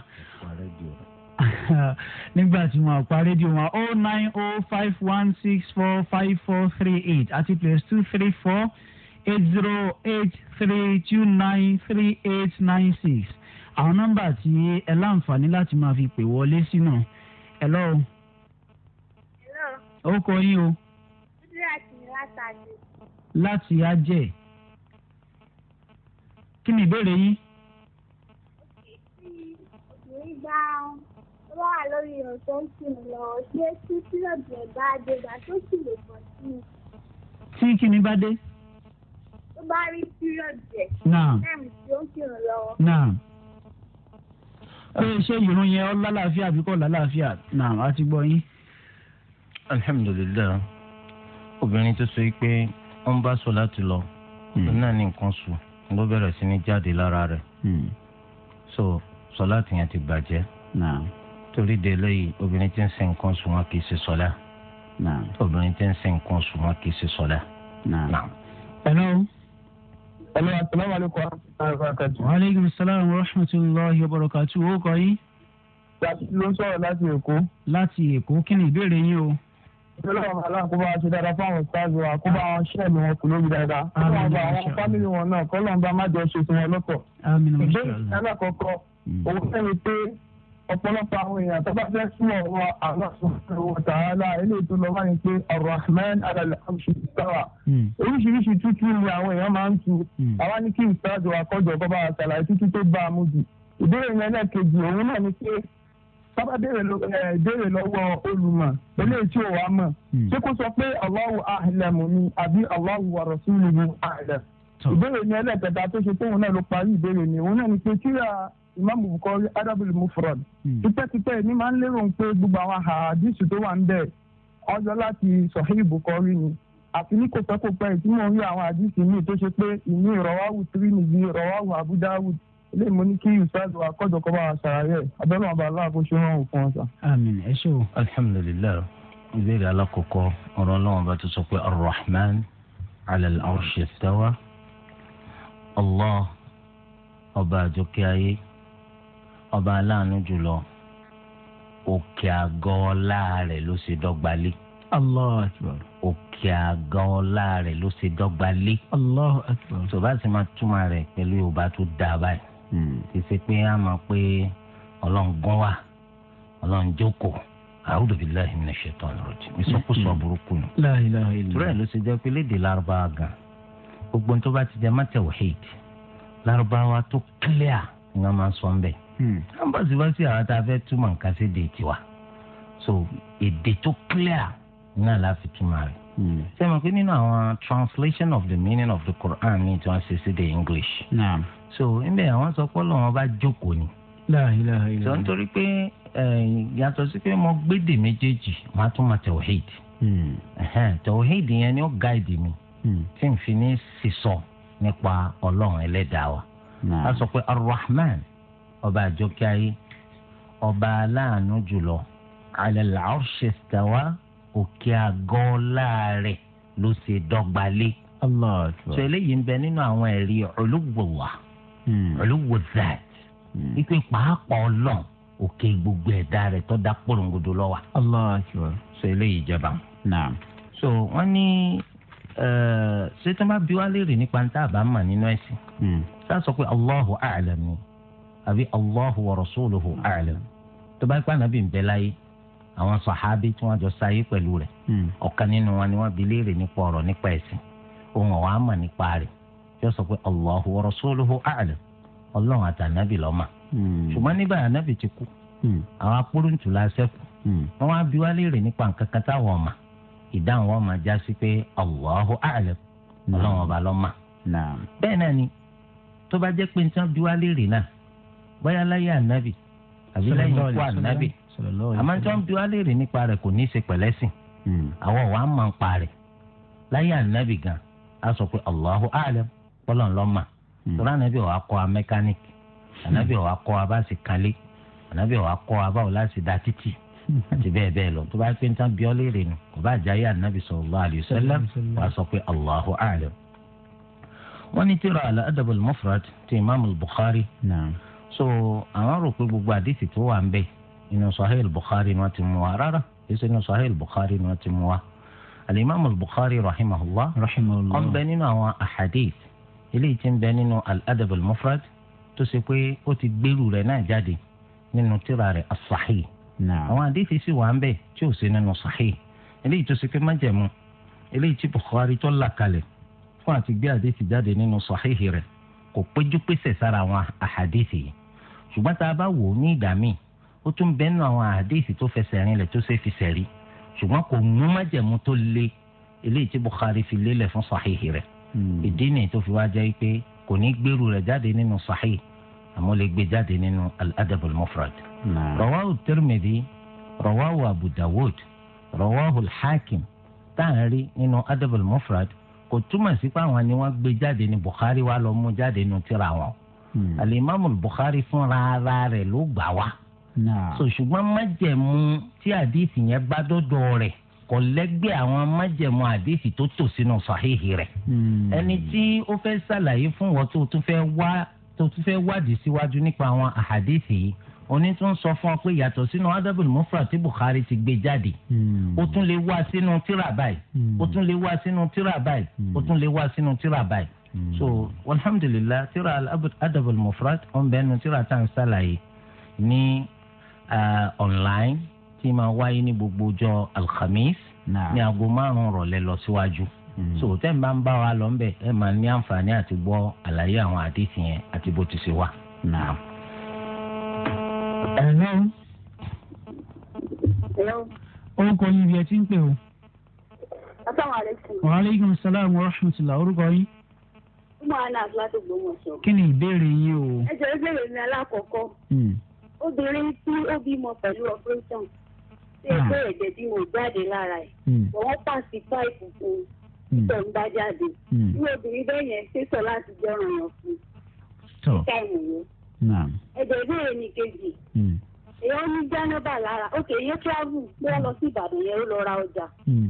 nígbà tí wọn pa rédíò wọn oh nine oh five one six four five four three eight àti plus two three four eight zero eight three two nine three eight nine six àwọn nọ́mbà tí ẹ láǹfààní láti máa fi pè wọlé sínú ẹ lọ o. ó kọ yín o. láti ajẹ́ kí ni ìbéèrè yín. obìnrin gba wọ́n wà lórí ìrìn tó ń tì mí lọ ṣé tí tílọ̀bù ẹ̀ bá dé gbà tó sì lè pọ̀ sí i. tí kíni bá dé tó bá rí pírọ̀dì ẹ̀ time tí ó ń kírun lọ́wọ́. ṣé ìrun yẹn ọ lálàáfíà àbí kò lálàáfíà náà a ti gbọ́ yín. alhamdulilayi obìnrin tó sọ pé ó ń bá sọ láti lọ òun hmm. náà ní nǹkan sùn ló bẹ̀rẹ̀ sí ní jáde lára rẹ̀ hmm. so sọlá tìyẹn ti bàjẹ́ torí de lẹ́yìn obìnrin tí ń ṣe nǹkan sùn wọn kì ṣe sọlá obìnrin tí ń ṣe nǹkan sùn wọn kì ṣe sọlá. hello. Assalamu alaikum warahmatullahi wabarakatuh. Wa alaikum salaam wa rahmatullahi wa barakatuh. Ó kọ yín. Láti ló ń sọ̀rọ̀ láti Èkó. Láti Èkó, kí ni ìbéèrè yín o? Ìjọba Allah kó bá wa ṣe dáadáa fáwọn ìsáàzù wa, kó bá wọn ṣẹ́ mi wọn kò lóbi dáadáa. Kó bá wọn bá àwọn fámìlì wọn náà, kọ́ lọ́nba má jọ ṣe fún wọn lọ́pọ̀. Ìbéèrè ọ̀pọ̀lọpọ̀ àwọn èèyàn tó bá fẹ́ sún ọ̀rọ̀ Allah subhanahu wa ta'ala eléyìí tó lọ báyìí pé Ar-Rahman ala al-arshi istawa hmm. oríṣiríṣi tútù ni àwọn èèyàn máa ń tu hmm. àwa ní kí ìsáàjò àkọ́jọ bọ́ bá ṣàlàyé títí tó bá a mú jù ìbéèrè yẹn lẹ́ẹ̀kejì òun náà ni pé sábà béèrè lọ́wọ́ olùmọ̀ eléyìí tí ò wá mọ̀ hmm. ṣé kó sọ pé Allahu a'lamu ni àbí Allahu wa rasuluhu ìbéèrè yẹn lẹ́ẹ̀kẹta tó ṣe imam bukori adabul mufrad hmm. tipẹ́tipẹ́ ní máa ń lérò pé gbogbo àwọn àhàdísù tó wà ń bẹ̀ ọjọ́ láti sahih bukori ni àti ní kò pẹ́kò pẹ́ tí mò ń rí àwọn àdísù míì tó ṣe pé ìní ìrọ̀wáwù tirimizi ìrọ̀wáwù abudawud ilé ìmọ̀ ní kí ìsáàdù akọ́jọkọ́ bá ṣàárẹ̀ abẹ́rẹ́ ọba aláàbò ṣe rán òfin ọ̀sà. àmín ẹ alhamdulilayi ìbéèrè alákọ̀ọ́kọ́ ọ̀rọ̀ ọlọ́run bá ti sọ pé arrahman ala al allah ọba àjọkẹ́ ayé ọba aláàánú jùlọ òkè àgọ́ ọlá ló ṣe dọ́gba lé. òkè àgọ́ ọlá ló ṣe dọ́gba lé. Allahu akbar. máa túmọ̀ rẹ̀ pẹ̀lú yorùbá tó dáa báyìí. Hmm. kì í ṣe pé a máa pé ọlọ́run gún wa ọlọ́run jókòó àwùjọ bíi láì ní ṣètò ọ̀nàrọ̀jì mi sọ́kùsọ̀ burúkú ni. turẹ̀ ló ṣe jẹ́ pé léde lárúbáwá gan gbogbo tó bá ti jẹ́ mọ́tẹ̀wọ̀ hate lárúbáwá tó clear ni wọ́n máa sọ ń bẹ́ẹ̀. Hmm. nbọ̀sibọ́sí àwọn tá a fẹ́ túmọ̀ nǹkan sí de tiwa so èdè tó clear náà la fi túmọ̀ rẹ̀ hmm. ṣé mo pé nínú àwọn translation of the meaning of the Quran ní tí wọ́n ṣe sí de English nah. so níbẹ̀ àwọn sọ pé Ọlọ́run bá jókòó ni sọ nítorí pé yàtọ̀ sí pé mo gbédè méjèèjì màá tún ma tawhid hmm. tawhid yẹn ni ó gáìdì mi tí n fi ní sísọ nípa Ọlọ́run ẹlẹ́dàá wa a sọ pé Ar-Rahman. ọba àjọkẹ́ ayé ọba aláàánú jùlọ alal arshi òkè àgọ́ láàrẹ̀ ló ṣe dọ́gbalé. sọ eléyìí ń bẹ nínú àwọn ẹ̀rí olúwòwà hmm. olúwòzàt hmm. òkè gbogbo ẹ̀dá rẹ̀ tó dá sọ eléyìí jẹba. so wọ́n ní ṣé tó bá bí wá léèrè nípa níta àbámọ̀ nínú ẹ̀sìn. sá hmm. sọ pé àbí allahu wa rasuluhu a'lam tó bá pa nàbí nbẹ láyé àwọn sàhábí tí wọn jọ sáyé pẹ̀lú rẹ̀ hmm. ọ̀kan nínú wọn ni wọn bi léèrè nípa ọ̀rọ̀ nípa ẹ̀sìn òun ọwọ àmà nípa rẹ̀ yóò sọ pé allahu wa rasuluhu a'lam Ọlọ́run àti ànábì lọmọ hmm. ṣùgbọ́n nígbà ànábì ti kú hmm. àwọn akpọ́rùntù la ṣẹ́kù wọn wá bi wá léèrè nípa nǹkan kan táwọn ọmọ bẹ́ẹ̀ náà ni tó bá jẹ́ pé nǹkan bi wá léèrè náà bóyá láyé ànábì àbí lẹ́yìn ikú ànábì àmọ́ tí wọ́n bí wá léèrè nípa rẹ̀ kò ní í ṣe pẹ̀lẹ́sìn hmm. àwọn wa máa ń pa rẹ̀ láyé ànábì gan a sọ pé Allahu a'lam kọ́lọ̀ ń lọ́ mà hmm. tọ́lá ànábì ọ̀ akọ́ a mẹkáníkì hmm. ànábì ọ̀ akọ́ a bá sì kalẹ̀ ànábì ọ̀ akọ́ a báwo láti da títì àti bẹ́ẹ̀ bẹ́ẹ̀ lọ tó bá pé nǹkan bí ọ́ léèrè nù kò bá jẹ́ ayé ànábì sallallahu alayhi wa sallam wà sọ pé Allahu a'lam. wọ́n ní tíra al-adab al-mufrad ti Imam bukhari so àwọn rò pé gbogbo àdìsí tó wà ń bẹ inú sahel bukhari ni wọ́n ti mú wa rárá èso inú sahel bukhari ni wọ́n ti mú wa alimami bukhari rahimahullah rahimahullah ọ̀n bẹ nínú àwọn ahadith eléyìí tí ń bẹ nínú al-adab al-mufrad tó ṣe pé ó ti gbèrú rẹ̀ náà jáde nínú tírà rẹ̀ as àwọn àdìsí sì wà ń bẹ tí ò sí nínú sahih eléyìí tó ṣe pé májẹ̀mú eléyìí tí bukhari tó là kalẹ̀ fún àti gbé àdìsí jáde nínú sahih rẹ̀ kò péjú pèsè sára àwọn àhàdíìsì yìí ṣùgbọ́n tá a bá wò ó ní ìgbà míì ó tún bẹ́nu àwọn àhàdíìsì tó fẹsẹ̀ rinlẹ̀ tó ṣe fi sẹ̀rí ṣùgbọ́n kò mú májẹ̀mú tó le eléyìí tí Bukhari fi lélẹ̀ fún sàhíhì rẹ̀ hmm. ìdí nìyí tó fi wá jẹ́ pé kò ní gbèrú rẹ̀ jáde nínú sàhíhì àmọ́ lè gbé jáde nínú al mufrad hmm. rawahu tirmidhi rawahu abu dawud hakim táà ń rí nínú adab mufrad kò túmọ̀ sí pé àwọn ni wọ́n gbé jáde ní Bukhari wa lọ mú jáde nu tírà wọn hmm. alimami Bukhari fúnra ara rẹ̀ ló gbà wá so ṣùgbọ́n májẹ̀mú tí àdìsí yẹn bá dọ́dọ̀ rẹ̀ kò lẹ́gbẹ́ àwọn májẹ̀mú àdìsí tó tò sínú sàhíhì rẹ̀ hmm. ẹni tí ó fẹ́ ṣàlàyé fún wọn tó tún fẹ́ wádìí síwájú nípa àwọn àhàdìsí yìí oní tún sọ fún ọ pé yàtọ̀ sínú adabul mufrad tí Bukhari ti gbé jáde hmm. ó tún lè wá sínú tírà báyìí hmm. ó tún lè wá sínú tírà báyìí hmm. ó tún lè wá sínú tírà báyìí so alhamdulilah tírà adabul mufrad ọ̀nbẹ́nu tírà tá à ń sàlàyé ní uh, online tí máa wáyé ní gbogbo ọjọ́ alhamis ní aago márùn-ún rọ̀lẹ́ lọ síwájú so tẹ́ ń bá ń bá wa lọ ń bẹ̀ ẹ máa ní àǹfààní àti gbọ́ àlàyé àwọn àdéhìí yẹn àti bó ti ṣe wà. Naam. Hello. Hello. Orúkọ yín ibi ẹ ti ń pè o. Asalaamualeykum. Wa aleykum salaam wa rahmatulah. Orúkọ yín. Mo máa ná àtúntò gbòmọ̀sọ. Kí ni ìbéèrè yín o? Ẹ jẹ́ ìbéèrè mi alákọ̀ọ́kọ́. Hmm. Obìnrin tí ó bímọ pẹ̀lú operation ṣé hmm. ẹgbẹ́ ẹ̀jẹ̀ tí mo jáde lára ẹ̀. Hmm. Wọ́n pàṣẹ páìpù fún ìtọ̀ ń bá jáde. Irú obìnrin bẹ́ẹ̀ yẹn ṣé sọ láti jẹ́ ọ̀ràn yàn fún. Ṣé ká ìmọ̀ yẹn? ẹ̀jẹ̀ ìbéèrè mi kejì èèyàn hmm. ní jẹ́nẹ́bà lára òkè èèyàn travel bóyá lọ sí ìbàdàn yẹn ó lọ ra ọjà tó hmm.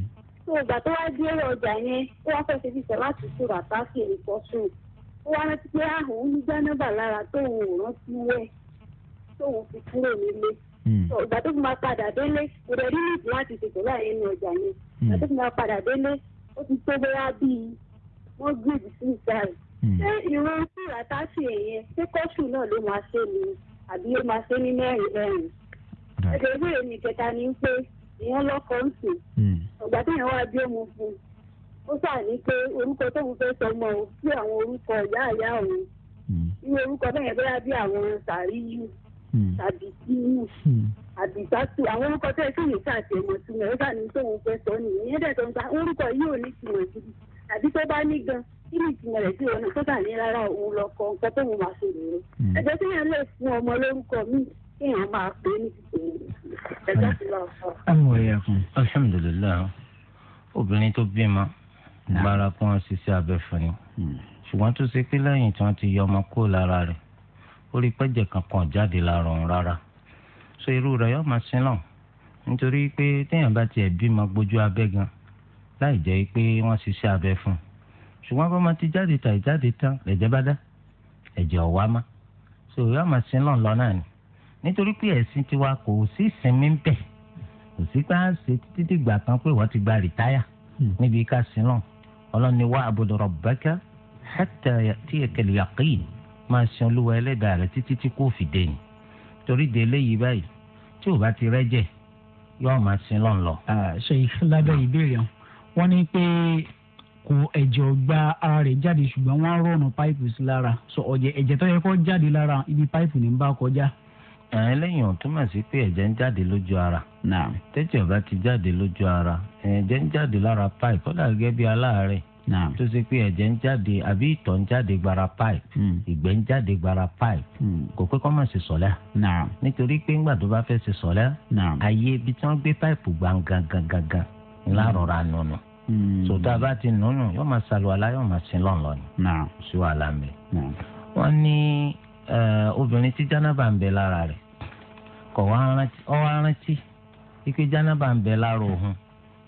ìgbà tó wá dé ọjà yẹn ó wá fẹ́ẹ́ ṣe fífẹ́ láti ṣòro àtàkì ìkọ́ sùn ó wá rántí pé àwọn ah, ní jẹ́nẹ́bà lára tóun ò rántí wẹ̀ tóun fi kúrò nílé hmm. ìgbà tó fi máa padà délé kò dẹ̀ rí nìkú láti ṣètò láàyè ní ọjà yẹn ìgbà tó fi máa padà délé ó ti tó bóyá bíi wọ́n gbèjì sí ìsáyìí Hmm. ṣé ìran fúnra si yẹn ṣé kọ́ṣù náà ló máa ṣe ni àbí ó máa ṣe ní mẹ́rin mẹ́rin ẹ̀jẹ̀ ìbéèrè mi kẹta ni pé ìyẹn lọ́kọ̀ ń sùn ọ̀gbà hmm. tí ìyẹn wá bí òun fún ó sà ní pé orúkọ fẹ́ sọ mọ́ ọ sí àwọn orúkọ ìyá ìyá òun hmm. irú orúkọ bẹ́ẹ̀ bẹ́ẹ̀ bí àwọn sàríyù tàbí tìmù àwọn orúkọ tẹ́ orúkọ yìí ò ní tìmọ̀ síbi àbí tó bá Mm. tí ìtumọ̀ rẹ̀ sí ọ̀nà tó kà ní rárá òun lọ kọ nǹkan tó mú máa ṣe nìyẹn ẹ̀jẹ̀ tí yẹn lè fún ọmọ lórúkọ mi kí yẹn máa pè é ní títẹ̀ ẹ̀jẹ̀ tí lọ sọ. àwọn ẹ̀yà kan alhamdulilayi obìnrin tó bímọ gbára kí wọ́n ṣiṣẹ́ abẹ fún ni mm. ṣùgbọ́n tó ṣe pé lẹ́yìn tí wọ́n ti yọ ọmọ kó lára rẹ̀ ó rí pẹ́jẹ̀ kankan jáde lára òun rárá so irú rẹ̀ yóò máa sin náà nítorí pé téèyàn bá tiẹ̀ bímọ gbójú abẹ́ gan láì jẹ́ pé wọ́n ṣiṣẹ́ abẹ fún un ṣùgbọ́n bá ma ti jáde ta ìjáde tán lẹ̀jẹ̀ bá dá ẹ̀jẹ̀ ọ̀wá má so yóò máa sin lọ́n lọ náà ni nítorí pé ẹ̀sìn tiwa kò sí ìsinmi ń bẹ̀ kò sí pé à ń ṣe títí dìgbà kan pé wọ́n ti gba rìtáyà hmm. níbi ká sin lọ́n ọlọ́ni wá abudu rabbaka hatta ya'tiyaka al-yaqin máa sin olúwa ẹlẹ́dàá rẹ̀ títí tí kò fi dé ni torí de eléyìí báyìí tí ò bá ti rẹ́jẹ̀ yóò máa sin lọ́n lọ. ṣe ah, lábẹ́ ìbéèrè wọn ní pé kó ẹ̀jẹ̀ ọgbà ara rẹ̀ jáde ṣùgbọ́n wọ́n rọ̀nà páìpù sí lára sọ ọ̀jẹ̀ ẹ̀jẹ̀ tó yẹ kó jáde lára ibi páìpù ní bá kọjá. ẹ̀ẹ́n lẹ́yìn ò túmọ̀ sí pé ẹ̀jẹ̀ ń jáde lójú ara tẹ́jẹ̀ ọ̀gá ti jáde lójú ara ẹ̀jẹ̀ ń jáde lára páìpù ó dàbí gẹ́gẹ́ bí aláàárẹ̀ tó ṣe pé ẹ̀jẹ̀ ń jáde àbí ìtọ̀ ń jáde gbara pipe hmm. ìgbẹ́ ń jáde gbara pipe hmm. kò pé kọ́ máa ṣe sọ̀lá nítorí pé ńgbà tó bá fẹ́ ṣe sọ̀lá ayé ibi tí wọ́n gbé pipe gbangangangangan ńlá rọra nùnú. Hmm. sòtá bá ti nùnú yóò máa ṣàlùwàlá yóò máa sin lọ́nlọ́ ni sí wàhálà ń bẹ. wọ́n ní obìnrin tí jánábà ń bẹ lára rẹ̀ kọ̀ wá rántí ike jánábà ń bẹ lára òun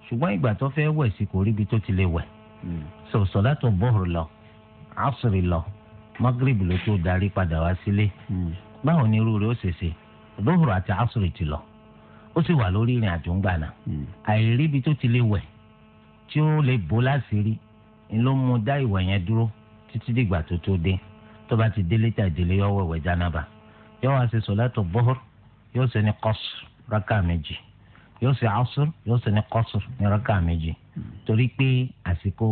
ṣùgbọ́n ìgbà tó fẹ́ wẹ̀ sí kò ríbi tó ti lè wẹ̀ hmm. so sọ̀dátò bọ́ọ̀rù lọ àṣírí lọ magrib ló tó darí padà wá sílé hmm. báwo ni irú rẹ̀ ó ṣèṣe bọ́ọ̀rù àti àṣírí ti lọ ó sì wà lórí ìrìn àjò ń gbà náà àìríbi tó ti lè wẹ̀ tí ó lè bó láṣìírí ló mú dá ìwẹ̀ yẹn dúró títí dìgbà tó tó dé tó bá ti délé tà délé yọ wẹ̀wẹ̀ jánaba yóò wá ṣe sọ̀látù bọ́hùr yóò ṣe ní kọ́sù rákà méjì yóò ṣe asùr yóò ṣe ní kọ́sù ní rákà méjì torí pé àsìkò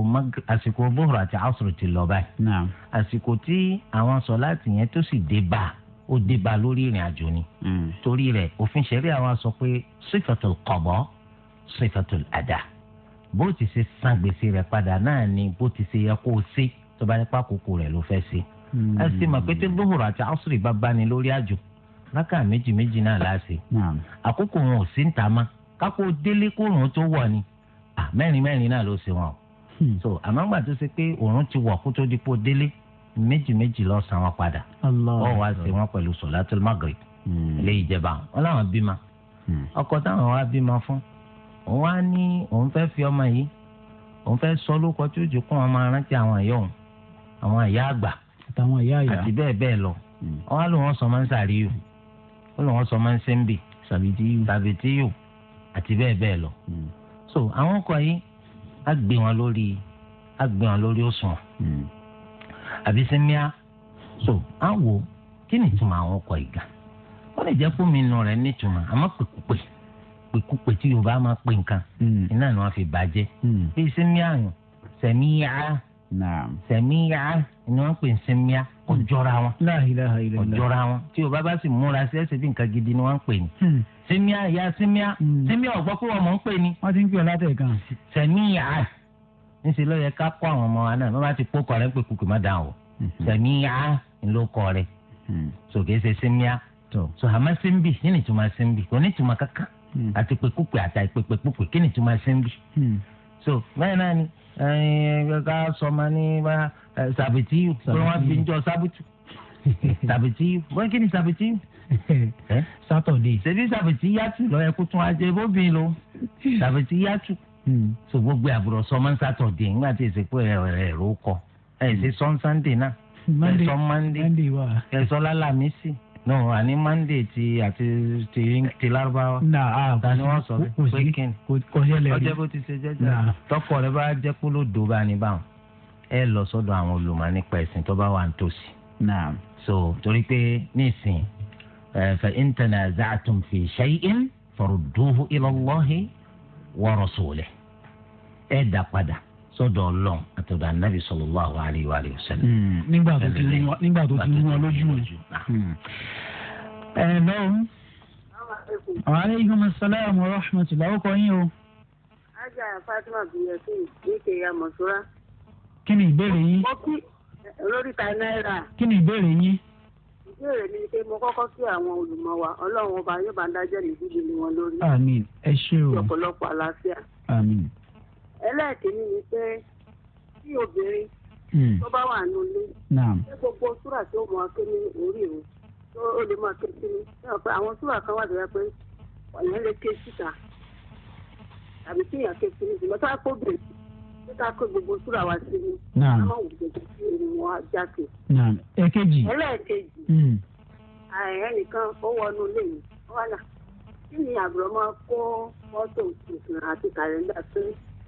àsìkò bọ́hùr àti asùr ti lọ báyìí àsìkò tí àwọn sọ̀láàtì yẹn tó sì dé bá ó dé bá lórí ìrìn àjò ni mm. torí rẹ̀ òfin ṣẹ̀rí àwọn sọ pé sífàtul qada sífàtul àdá bó ti ṣe san gbèsè rẹ̀ padà náà ni bó ti ṣe yẹ kó o ṣe tó bá nípa kókó rẹ̀ ló fẹ́ ṣe. ẹ sì mọ̀ pé tí gbóhùrọ̀ hmm. àti àṣírí bá bá ní lórí àjò lákà méjì méjì náà láṣẹ. àkókò wọn ò sí ń ta ma kákó délé kóòrùn tó wọ̀ ni mẹ́rin mẹ́rin náà ló ṣe wọn. Hmm. so àmọ́ gbà tó ṣe pé òórùn ti wọ̀ kó tó dípò délé méjì méjì lọ san wọn padà. wọ́n wá ṣe wọn pẹ̀lú sọ̀látùl magrib. Hmm. ilé ìjẹba wọn láwọn bímọ ọkọ táwọn wá bímọ fún òun á ní òun fẹ́ fi ọmọ yìí òun fẹ́ sọ lóko tí ó jù kún ọmọ aráńtí àwọn àyà òun àwọn àyà àgbà àti bẹ́ẹ̀ bẹ́ẹ̀ lọ wọn á lò wọn sọ máa ń sàríyù ó lò wọn sọ máa ń sẹ́ńbì sàbìtíyù àti bẹ́ẹ̀ bẹ́ẹ̀ lọ. Hmm. so àwọn ọkọ yìí á gbé wọn lórí á gbé wọn lórí òsùn hmm. àbí sẹ́míà so á wò kí ni ìtumọ̀ àwọn ọkọ ìgbà ó lè jẹ́ fún mi nù rẹ̀ nítumọ̀ àmọ́ pèkúpè pèkúpè tí yorùbá máa pè nǹkan hmm. iná ni wọ́n fi bàjẹ́ hmm. bí sinmi àrùn sẹ̀mí yá sẹ̀mí yá ni wọ́n pè ń sinmi yá kò jọra wọn kò jọra wọn tí yorùbá bá sì múra sí ẹsẹ̀ bí nǹkan gidi ni wọ́n ń pè ní hmm. sinmi yá ìyá sinmi yá sinmi yá ọ̀gbọ́n pé wọ́n mọ̀ ń pè ní. wọ́n ti ń pè ọ́ látẹ̀ kan. sẹ̀mí yá níṣẹ́ ló yẹ ká kó àwọn ọmọ wa náà bá ti kó kọ rẹ pé kùkù má dà o sẹ̀mí yá ló kọ rẹ sòkè ṣe sinmi yá so àmọ́ sinbi yìí ni tuma sinbi kò ní tuma kankan. Hmm. àti pèkúpè àti àìpèpèkúpè kí ni túmọ̀ ṣe ń bì. Hmm. so bẹ́ẹ̀ náà ni ká sọmọ ní sàbìtìyù pé wọ́n fi ń jọ sábùtù sàbìtìyù wọ́n kí ni sàbìtìyù. sátọ̀dé. ṣèbí sàbìtìyù yàtù lọ́yẹ kó tún ajé bóbin lo sàbìtìyù yàtù. Hmm. so gbogbo àbúrò sọmọ sátọ̀dé nígbà tí èsì pé ẹ̀rọ kọ ẹ̀ ṣe sọ́n sànńdé náà ẹ̀ mándé ẹ̀ lálàmísì no àní monday ti àti ti ti larubawa. na a tani wọn sọ pé kin ọjọ́ bó ti ṣe jẹ́jẹ́ tọkọ rẹ bá jẹ́ kó ló dò bá ní báwọn ẹ lọ sọ́dọ̀ àwọn olùmọ̀ nípa ẹ̀sìn tó bá wà ń tòsí. so torí pé nísìn fa in tanaza'tum fi shay'in farudduhu ila Allahi wa rasulih ẹ dá padà sọ́dọ̀ Ọlọ́run àtọ̀dọ̀ anabi sallallahu alaihi wa alihi wasallam. Hmm. nígbà tó ti rú wọn lójú rẹ̀. ẹ lọ́wọ́ aleykum asalaam wa hmm. rahmatulah ọkọ yín o. ajá fatima bìyànjú níkè ya mọ̀ṣúra. kí ni ìbéèrè yín. mo kí olóríta náírà. kí ni ìbéèrè yín. ìbéèrè mi ni pé mo kọ́kọ́ sí àwọn olùmọ̀ wa ọlọ́run ọba yóò bá ń dájọ́ ní ìdíje ni wọn lórí. àmín ẹ ṣé o. ọ̀pọ̀lọpọ̀ àlàáfíà. àmín. ẹlẹ́ẹ̀kejì ni pé tí obìnrin hmm. tó bá wà nílé ṣé gbogbo súrà tí ó mọ aké ní orí òun tó ó lè máa ké pé àwọn súrà kan wà lóyún pé lè ké síta tàbí kí èèyàn ké tá a kó bèrè gbogbo súrà wá sí ní àwọn jáde. Hmm. ó wọnú ilé yìí wà náà kí ni máa kó mọ́tò tuntun àti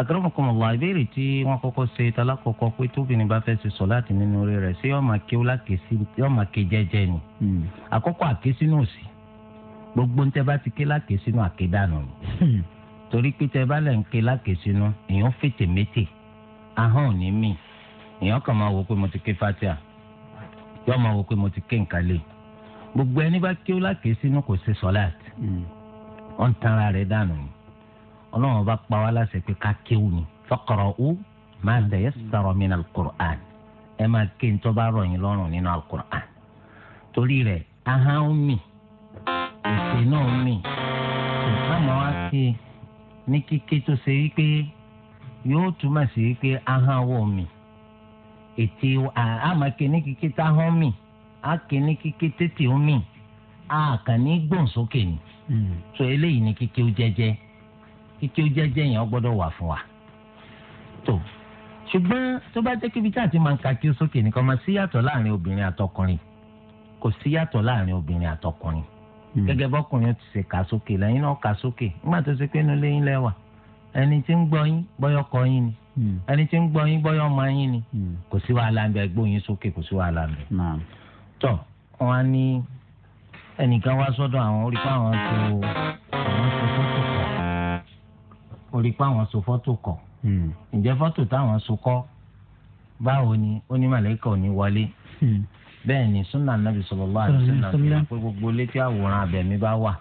akérèmọkọmọ wa ìbéèrè tí wọ́n kọ́kọ́ ṣe talakọkọ pé tóbìnrin bá fẹ́ ṣe sọ láti nínú orí rẹ̀ ṣé máa ké máa ké jẹ́jẹ́ ni hmm. àkọ́kọ́ àké sínú òsì gbogbo ntẹ bá ti ké láké sínú àké ni hmm. torí pé tẹ bá lẹ̀ ń ké láké sínú èèyàn fètè mété ahọ́n ò ní mì èèyàn kàn máa mo ti ké fatia yọọ máa wò pé mo ti ké nǹkan gbogbo ẹni bá ké láké sínú kò ṣe sọ láti tanra ni. ọlọ́run bá pa wá láṣẹ pé ká kéwù ni faqra'u ma tayassara min al-Qur'an ẹ máa ké ń tọ́ba rọ̀ yín lọ́rùn nínú al-Qur'an torí rẹ̀ ahọ́n ń mì ètè náà ń mì ìfàmọ́ wá sí i ní kíké tó ṣe wípé yóò túmọ̀ sí wípé ahọ́n wọ̀ mì ètè àmàké ní kíké táhọ́n mì àké ní kíké tètè ń mì àkànní gbòǹsókè ni tó hmm. eléyìí ní kíké ó jẹ́jẹ́ ike jẹ́jẹ́ yẹn gbọ́dọ̀ wà fún wa. tó ṣùgbọ́n tó bá jẹ́ kíbi tí àti máa ń ka kí ó sókè nìkan máa síyàtọ̀ láàrin obìnrin àtọkùnrin kò síyàtọ̀ láàrin obìnrin àtọkùnrin hmm. gẹ́gẹ́ bọ́kùnrin ti ṣe kà sókè lẹ́yìn náà kà sókè nígbà tó ṣe pé inú lẹ́yìn lẹ́wà ẹni tí ń gbọ́ yín bọ́yọ̀ kọ́ yín ni hmm. ẹni tí ń gbọ́ yín bọ́yọ̀ ọmọ yín ni hmm. kò sí wàhálà ń bẹ gbóyin sókè kò sí wàhálà ń bẹ. wọn á ní ẹnìkan wá sọ́dọ̀ àwọn orí fáwọn tó àwọn ó rí i pé àwọn so fọ́tò kọ̀ hmm. ǹjẹ́ fọ́tò táwọn so kọ́ báwo ni ó ní màlẹ́kà ò ní wọlé hmm. bẹ́ẹ̀ ni sunna nabi sallallahu alaihi wasallam fi hàn pé gbogbo létí àwòrán abẹ̀mí bá wà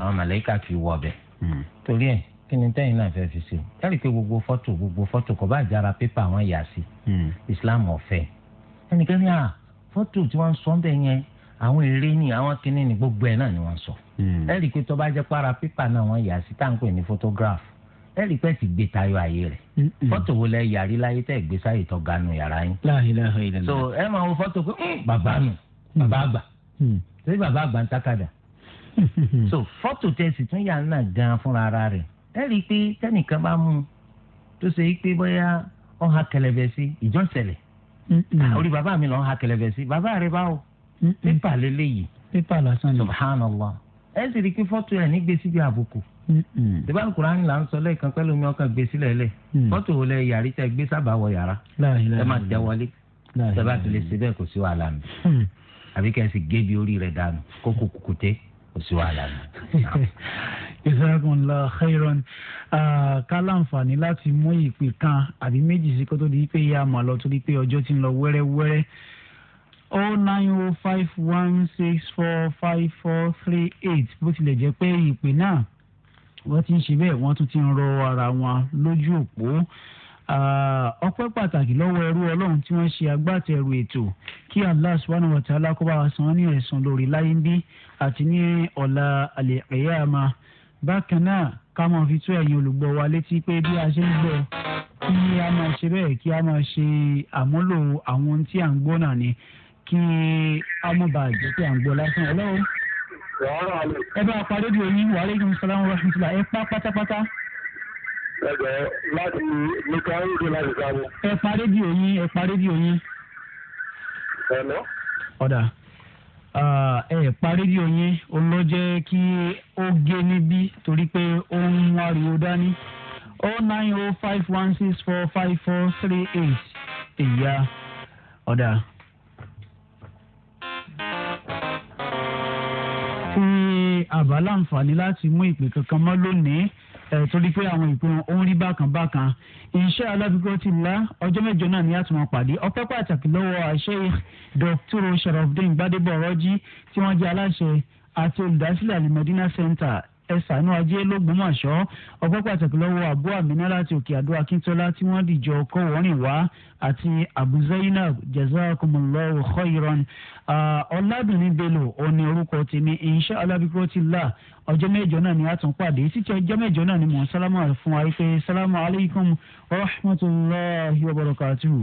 àwọn màlẹ́kà kì í wọ ọbẹ̀ hmm. torí ẹ̀ kí ni tẹ́yìn náà fẹ́ fi ṣe ẹ pé gbogbo fọ́tò gbogbo fọ́tò kò bá jára pépà wọn yà sí islam ọ̀fẹ́ ẹnikẹ́ni à fọ́tò tí wọ́n sọ bẹ́ẹ̀ yẹn àwọn eré ni àwọn kinní ni gbogbo ẹ̀ náà ni wọ́n sọ ẹ rí i pé tó bá jẹ́ para pépà náà wọ́n yà sí táǹkù ní photograph ẹ̀rí pẹ́ ti gbé tayọ ààyè rẹ̀ fọ́tò wo lẹ yàrí láyé tẹ́ gbé sáyè tó ga nu yàrá yín. so ẹ máa wo fọ́tò pé hmm, bàbá nù mm. bàbá àgbà mm. ṣé bàbá àgbà ń takada. so fọ́tò tẹ̀sí tún yà ń nà gan fúnra ara rẹ̀ ẹ̀rí pé tẹ́nìkan bá mú un tó ṣe pé bóyá ọ̀n ha kẹlẹ̀bẹ̀ sí ìjọ́sẹ̀lẹ̀ ah, orí bàbá mi lọ́n ha kẹlẹ̀bẹ̀ sí bàbá rẹ̀ báwo pépà lélẹ́yìí pépà lásán ni subhanallah ẹ sì rí i pé fọ́tò ẹ̀ ní gbé síbi àbùkù tẹ́bá alukurani là ń sọ lẹ́ẹ̀kan pẹ́lú mi ọkàn gbé sílẹ̀ lẹ̀ mm. fọ́tò wo lẹ yàrá tẹ gbé sábà wọ yàrá ẹ má tẹ wọlé tẹ́bá tó lè ṣe bẹ́ẹ̀ kò sí wàhálà mi hmm. àbí kẹ́sì gé bi orí rẹ̀ dànù kó kò kùkùté kò sí wàhálà mi. ìsirakunla khairon kálánfààní láti mú ìpè kan àbí méjì sí kó tó di pé yá màá lọ torí pé ọjọ́ ti ń lọ wẹ́rẹ́wẹ́rẹ́. 09051645438 bó tilẹ̀ jẹ́ pé ìpè náà wọ́n ti ń ṣe bẹ́ẹ̀ wọ́n tún ti ń rọ ara wọn lójú òpó ọpẹ́ pàtàkì lọ́wọ́ ẹrú ọlọ́run tí wọ́n ṣe agbátẹrù ètò kí allah subhanahu wa ta'ala kó bá wa san ní ẹ̀san lórí láyé ń bí àti ní ọ̀la àlẹ́kẹ̀yàmá bákan náà ká máa fi tó ẹ̀yin olùgbọ́ wa létí pé bí a ṣe ń gbọ́ kí a máa ṣe bẹ́ẹ̀ kí a máa ṣe àmúlò àwọn ohun tí à ń gbọ́ náà ni kí a má bàa jẹ́ pé à ń gbọ́ lásán ọlọ́run. ẹ bá a pa rédíò yín wa alaikum salaam wa rahmatullah ẹ pa pátápátá. ẹ jẹ láti mi kan rédíò láti sáré. ẹ pa rédíò yín ẹ pa rédíò yín. ẹ̀lọ́. ọ̀dà ẹ pa rédíò yín ó kí ó gé níbí torí pé ó ń mú ariwo dání o oh nine o oh five one six four five four three eight ìyá ọ̀dà. tí àbá láǹfààní láti mú ìpè kankan mọ́ lónìí torí pé àwọn ìpè wọn ó ń rí bákan bákan iṣẹ́ alábìkọ́ ti la ọjọ́ mẹ́jọ náà ni a tún máa pàdé ọpẹ́ pàtàkì lọ́wọ́ Sheikh Dr. Sharafdin Gbadebo Ọ̀rọ̀jí tí wọ́n jẹ́ aláṣẹ àti olùdásílẹ̀ Al-Medina Center ẹsànú ajé lógbómọ̀ṣọ́ ọpẹ́ pàtàkì lọ́wọ́ abu amina láti òkè àdó akíntola tí wọ́n dìjọ kọ́wọ́rìn wá àti abu zainab jazakumullahu khairan ọ̀làdùnní bello òní orúkọ tèmi insha alabikro ti la ọjọ́ mẹ́jọ náà ni a tún pàdé títí ọjọ́ mẹ́jọ náà ni mò ń sálámà fún wa ife sálámà aleykum rahmatulahi wa barakatuhu.